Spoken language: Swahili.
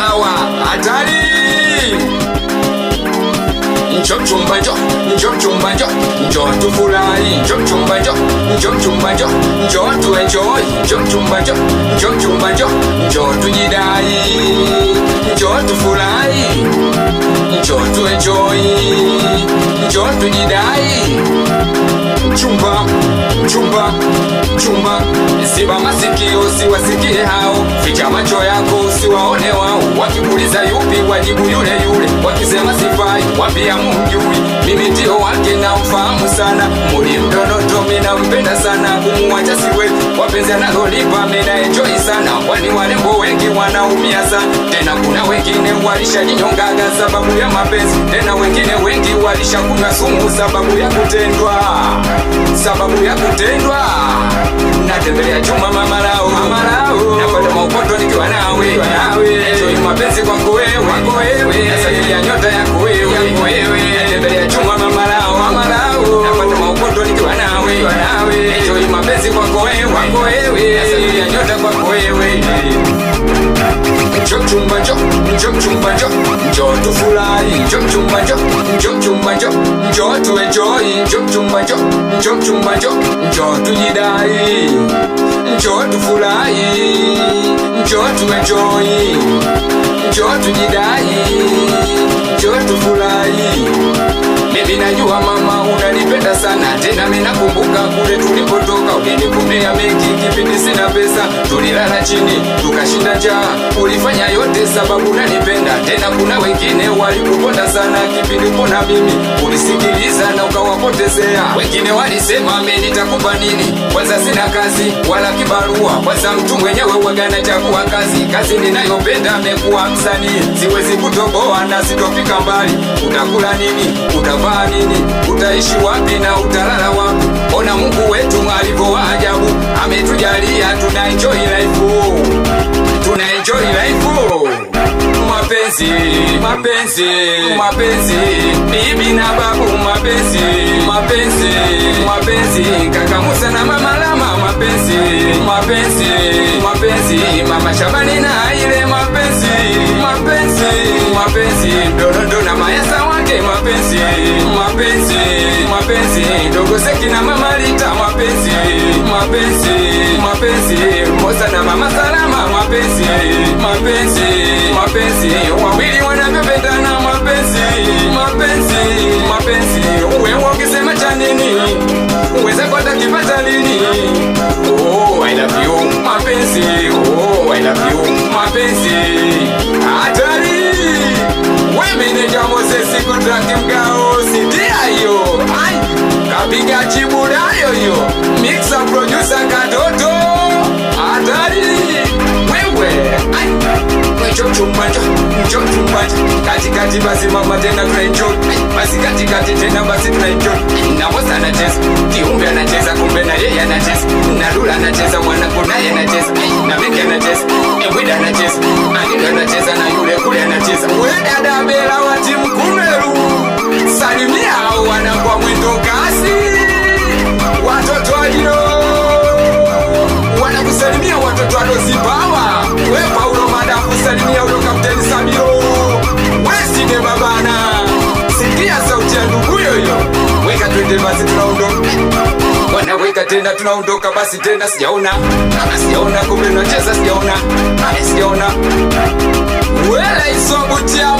hawa. Hatari! Njoo mchumba, njoo, njoo mchumba, njoo, njoo tufurahi. Njoo mchumba, njoo, njoo mchumba, njoo, njoo tu enjoy. Njoo mchumba, njoo, njoo mchumba, njoo, njoo tujidai. Njoo tufurahi. Njoo tu enjoy. Njoo tujidai chumba chumba chumba, siba masikio siwasikie hao, ficha macho yako usiwaone wao, wakimuuliza yupi wajibu yule yule, wakisema sifai, wambia mumjui mimi ndio wake na mfahamu sana, muli mtonotomi na mpenda sana, kumuwacha siwe wapenzi analolipa mena enjoy sana, kwani warembo wengi wanaumia sana, tena kuna wengine walishajinyongaga sababu ya mapenzi, tena wengine wengi walishakunywa sumu sababu ya kutendwa, sababu ya kutendwa natembelea chuma mama lao napata maupoto nikiwa nawe, enjoy mapenzi kwako wewe kwako wewe, nyota kwako wewe. Njoo mchumba, njoo, njoo mchumba, njoo, njoo tufurahi, njoo mchumba, njoo, njoo mchumba, njoo, njoo tuenjoy, njoo mchumba, njoo, njoo mchumba, njoo, njoo tujidai, njoo tufurahi, njoo tuenjoy, njoo tujidai, njoo tufurahi. Mimi najua mama unanipenda sana tena, mimi nakumbuka kule tulipotoka, ukinikunea mengi kipindi sina pesa, tulilala chini tukashinda njaa, ulifanya yote sababu unanipenda tena. Kuna wengine walikuponda sana kipindi upona mimi, ulisikiliza na ukawapotezea. Wengine walisema mimi nitakupa nini, kwanza sina kazi wala kibarua, kwanza mtu mwenyewe wagana chagua kazi, kazi ninayopenda amekuwa msanii, siwezi kutoboa na sitofika mbali. Utakula nini? Utavaa nini? uta utaishi wapi na utalala wapi? Ona Mungu wetu alivyo wa ajabu, ametujalia tuna enjoy life, tuna enjoy life. Mapenzi, mapenzi, mapenzi, bibi na babu, mapenzi, mapenzi, mapenzi, kaka Musa na mama Lama, mapenzi, mapenzi, mapenzi, mama Shabani na ile mapenzi, mapenzi, mapenzi, Dorodo na mayasa wake, mapenzi, mapenzi dogo seki na mama lita mapenzi mapenzi mapenzi mosa na mama salama mapenzi mapenzi mapenzi wawili wanavyopendana mapenzi mapenzi mapenzi wewe ukisema cha nini uweze kwata kipata lini oh, I love you mapenzi oh, I love you mapenzi hata kunyusa katoto hatari wewe njo chumbanja katikati basi mama tena tunaenjoy basi katikati tena basi tunaenjoy nawosa anacheza kiumbe anacheza kumbe na yeye anacheza na lula anacheza mwanako naye anacheza na meke anacheza ewida anacheza anilo anacheza na yule kule anacheza wedada bela wati mkumeru salimia au wanakuwa mwendo kasi watoto walio twanozibawa we paulo mada kusalimia ulo kapteni samiro wesine babana sikia sauti ya nduguyo yoyo weka twende basi tunaondoka wanaweka tena tunaondoka basi tena sijaona sijaona kumbe nacheza sijaona sijaona wela isobutia